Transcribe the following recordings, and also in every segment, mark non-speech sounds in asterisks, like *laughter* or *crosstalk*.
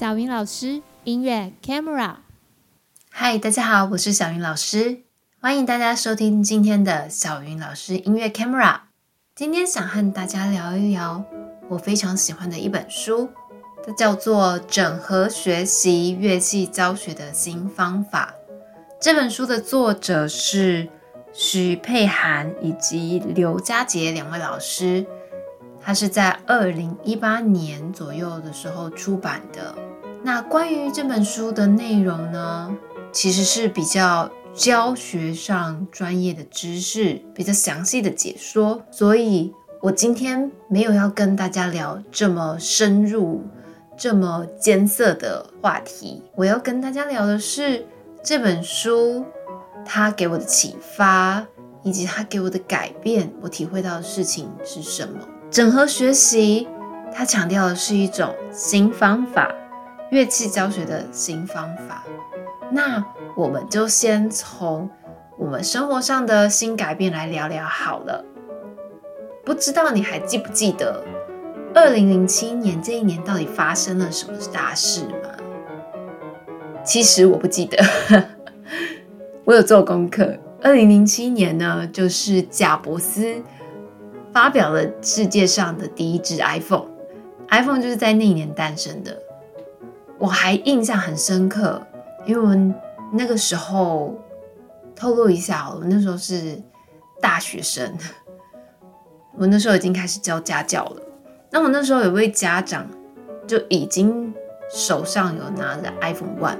小芸老師音樂 camera，嗨，Hi, 大家好，我是小芸老師，歡迎大家收聽今天的小芸老師音樂 camera。今天想和大家聊一聊我非常喜歡的一本書，它叫做《整合學習樂器教學的新方法》。這本書的作者是許佩涵以及劉佳杰兩位老師，它是在二零一八年左右的時候出版的。那關於這本書的內容呢，其實是比較教學上專業的知識，比較詳細的解說。所以我今天沒有要跟大家聊這麼深入、這麼艱澀的話題。我要跟大家聊的是這本書，它給我的啟發，以及它給我的改變。我體會到的事情是什麼？整合學習，它強調的是一種新方法。樂器教學的新方法，那我們就先從我們生活上的新改變來聊聊好了。不知道你還記不記得，二零零七年這一年到底發生了什麼大事嗎？其實我不記得，呵呵，我有做功課。二零零七年呢，就是賈伯斯發表了世界上的第一支 iPhone，iPhone 就是在那一年誕生的。我還印象很深刻，因為我那個時候透露一下好了，我那時候是大學生，我那時候已經開始教家教了。那我那時候有一位家長就已經手上有拿着 iPhone one，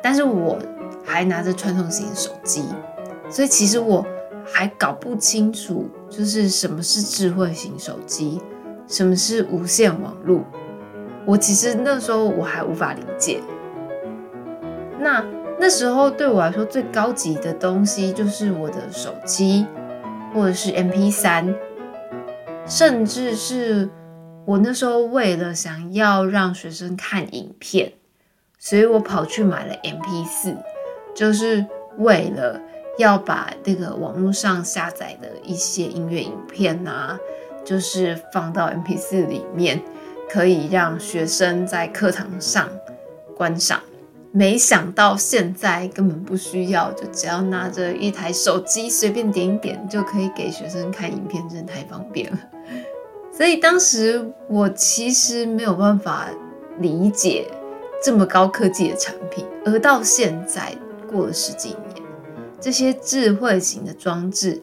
但是我還拿着傳統型手機，所以其實我還搞不清楚，就是什麼是智慧型手機，什麼是無線網絡。我其實那時候我還無法理解，那那時候對我來說最高級的東西就是我的手機，或者是 MP3，甚至是我那時候為了想要讓學生看影片，所以我跑去買了 MP4，就是為了要把那個網絡上下載的一些音樂、影片啊，就是放到 MP4 裡面。可以讓學生在課堂上觀賞，沒想到現在根本不需要，就只要拿着一台手機隨便點一點就可以給學生看影片，真的太方便了。所以當時我其實沒有辦法理解這麼高科技的產品，而到現在過了十幾年，這些智慧型的裝置。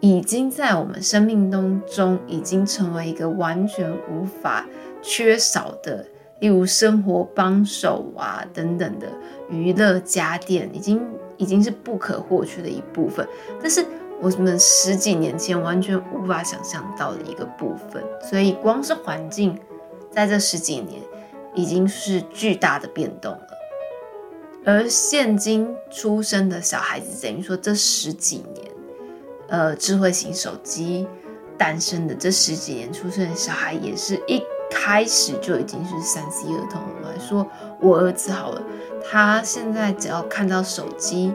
已經在我們生命當中，中已經成為一個完全無法缺少的，例如生活幫手啊等等的娛樂家電，已經已經是不可或缺的一部分。這是我們十幾年前完全無法想象到的一個部分。所以，光是環境在這十幾年已經是巨大的變動了。而現今出生的小孩子，等於說這十幾年。呃，智慧型手機，誕生的這十幾年出生的小孩也是一開始就已經是三 C 兒童了。還說我兒子好了，他現在只要看到手機，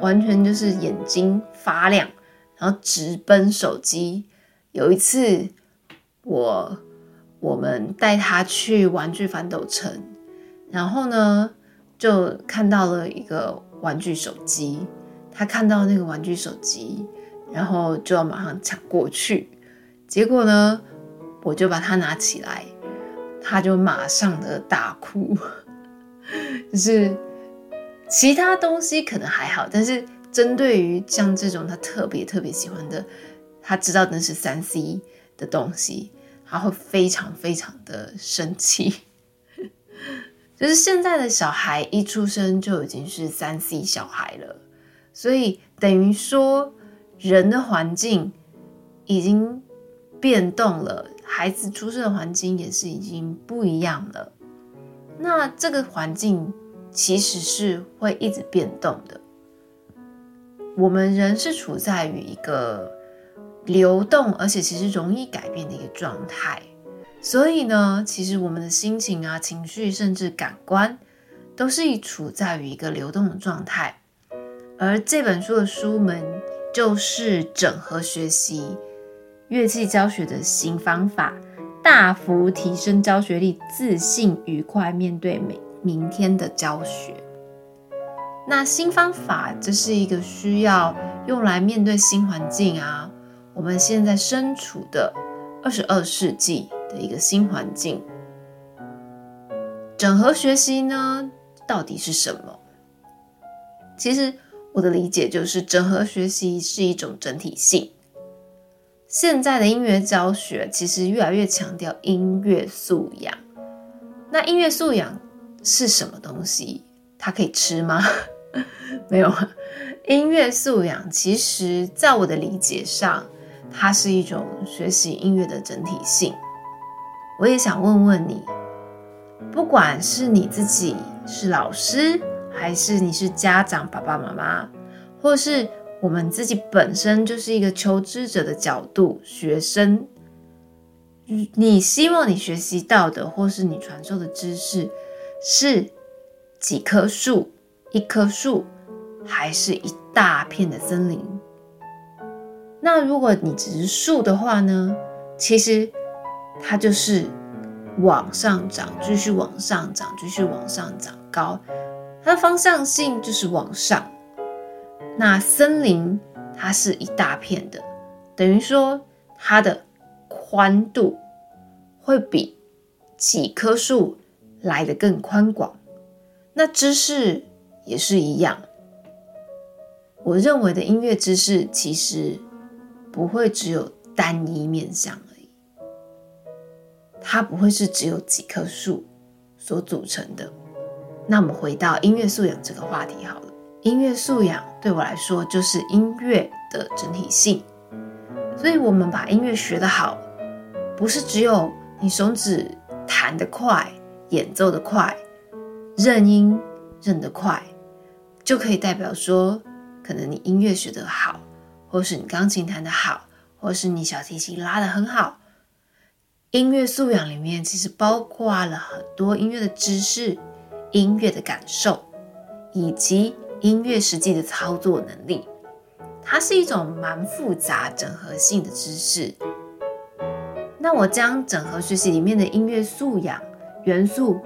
完全就是眼睛發亮，然後直奔手機。有一次我我們帶他去玩具反斗城，然後呢就看到了一個玩具手機，他看到那個玩具手機。然後就要馬上搶過去，結果呢，我就把它拿起來，他就馬上的大哭。 *laughs* 就是其他東西可能還好，但是針對於像這種他特別特別喜歡的，他知道那是三 C 的東西，他會非常非常的生氣。 *laughs* 就是現在的小孩一出生就已經是三 C 小孩了，所以等於說。人的環境已經變動了，孩子出生的環境也是已經不一樣了。那這個環境其實是會一直變動的。我們人是處在於一個流動，而且其實容易改變的一個狀態。所以呢，其實我們的心情啊、情緒，甚至感官，都是處在於一個流動的狀態。而這本書的書名。就是整合學習樂器教學的新方法，大幅提升教學力，自信愉快面對明明天的教學。那新方法，這是一個需要用來面對新環境啊，我們現在身處的二十二世紀的一個新環境。整合學習呢，到底是什麼？其實。我的理解就是，整合學習是一種整體性。現在的音樂教學其實越來越強調音樂素養。那音樂素養是什麼東西？它可以吃嗎？沒有啊。音樂素養，其實在我的理解上，它是一種學習音樂的整體性。我也想問問你，不管是你自己，是老師。還是你是家長，爸爸媽媽，或是我們自己本身就是一個求知者的角度、學生，你希望你學習到的，或是你傳授的知識，是幾棵樹、一棵樹，還是一大片的森林？那如果你植樹的話呢？其實它就是往上長，繼續往上長，繼續往上長高。它的方向性就是往上。那森林它是一大片的，等於說它的寬度會比幾棵樹來得更寬廣。那知識也是一樣，我認為的音樂知識其實不會只有單一面向而已，它不會是只有幾棵樹所組成的。那我們回到音樂素養這個話題好了。音樂素養對我來說就是音樂的整體性，所以，我們把音樂學得好，不是只有你手指彈得快、演奏得快、認音認得快，就可以代表說，可能你音樂學得好，或是你鋼琴彈得好，或是你小提琴拉得很好。音樂素養裡面其實包括了很多音樂的知識。音樂的感受，以及音樂實際的操作能力，它是一種蠻複雜整合性的知識。那我將整合學習裡面的音樂素養元素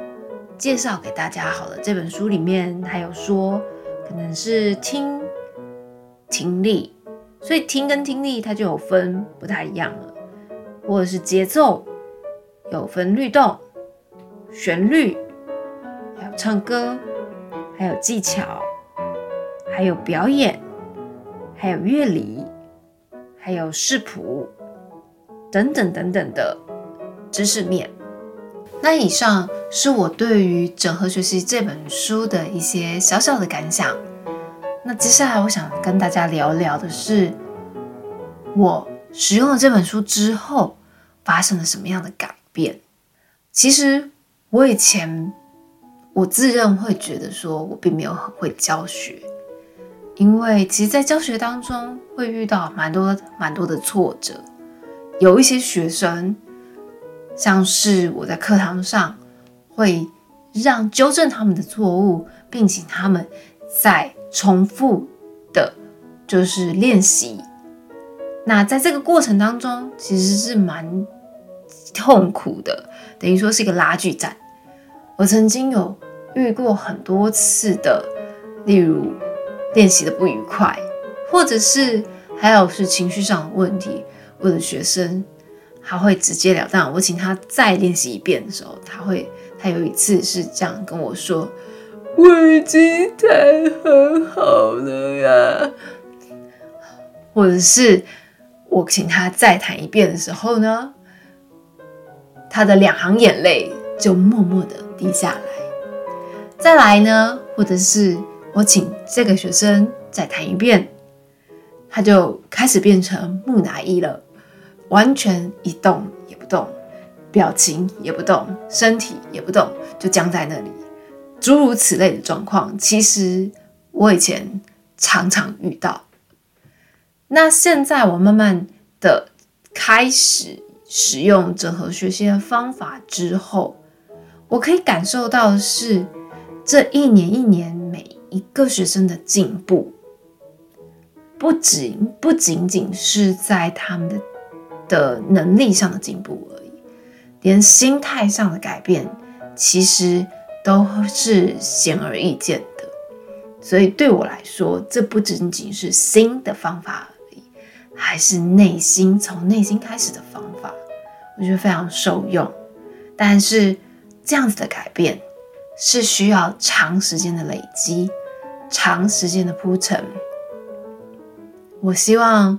介紹給大家好了。這本書裡面還有說，可能是聽、聽力，所以聽跟聽力它就有分不太一樣了，或者是節奏有分律動、旋律。唱歌，還有技巧，還有表演，還有樂理，還有識譜，等等等等的知識面。那以上是我對於《整合學習》這本書的一些小小的感想。那接下來我想跟大家聊聊的是，我使用了這本書之後發生了什麼樣的改變。其實我以前。我自認會覺得說，我並沒有很會教學，因為其實，在教學當中會遇到蠻多蠻多的挫折，有一些學生，像是我在課堂上會讓糾正他們的錯誤，並請他們再重複的，就是練習。那在這個過程當中，其實是蠻痛苦的，等於說是一個拉鋸戰。我曾經有。遇過很多次的，例如練習的不愉快，或者是還有是情緒上的問題，我的學生他會直截了當，我請他再練習一遍的時候，他會他有一次是這樣跟我說：“ *music* 我已經彈很好了呀。”或者是我請他再彈一遍的時候呢，他的兩行眼淚就默默的滴下來。再來呢，或者是我請這個學生再彈一遍，他就開始變成木乃伊了，完全一動也不動，表情也不動，身體也不動，就僵在那裡。諸如此類的狀況，其實我以前常常遇到。那現在我慢慢的開始使用整合學習的方法之後，我可以感受到的是。這一年一年，每一個學生的進步，不僅不僅僅是在他們的的能力上的進步而已，連心態上的改變，其實都是顯而易見的。所以對我來說，這不僅僅是新的方法而已，還是內心，從內心開始的方法，我覺得非常受用。但是，這樣子的改變。是需要長時間的累積，長時間的鋪陳。我希望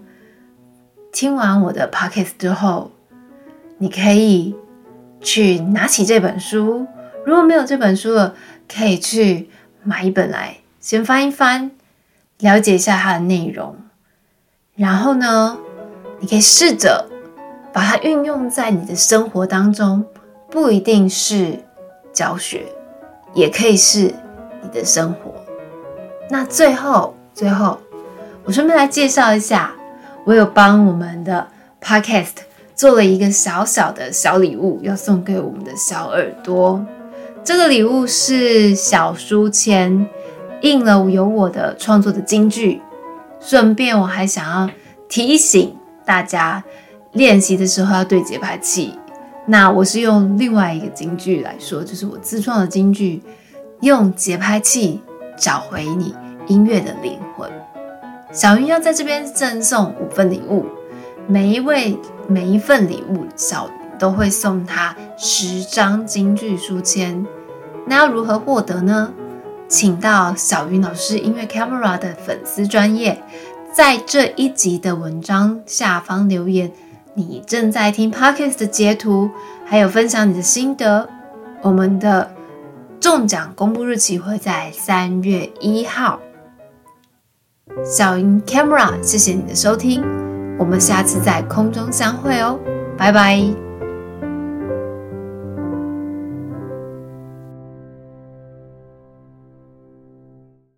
聽完我的 podcast 之後，你可以去拿起這本書，如果沒有這本書了，可以去買一本來，先翻一翻，了解一下它的內容。然後呢，你可以試着把它運用在你的生活當中，不一定是教學。也可以是你的生活。那最後，最後，我順便來介紹一下，我有幫我們的 Podcast 做了一個小小的小禮物，要送給我們的小耳朵。這個禮物是小書籤，印了有我的創作的金句。順便，我還想要提醒大家，練習的時候要對節拍器。那我是用另外一個金句來說，就是我自創的金句，用節拍器找回你音樂的靈魂。小芸要在這邊贈送五份禮物，每一位每一份禮物，小都會送他十張金句書籤。那要如何獲得呢？請到小芸老師音樂 camera 的粉絲專頁，在這一集的文章下方留言。你正在聽 Podcast 的截圖，還有分享你的心得。我們的中獎公布日期會在三月一號。小芸 Camera，謝謝你的收聽，我們下次在空中相會哦，拜拜。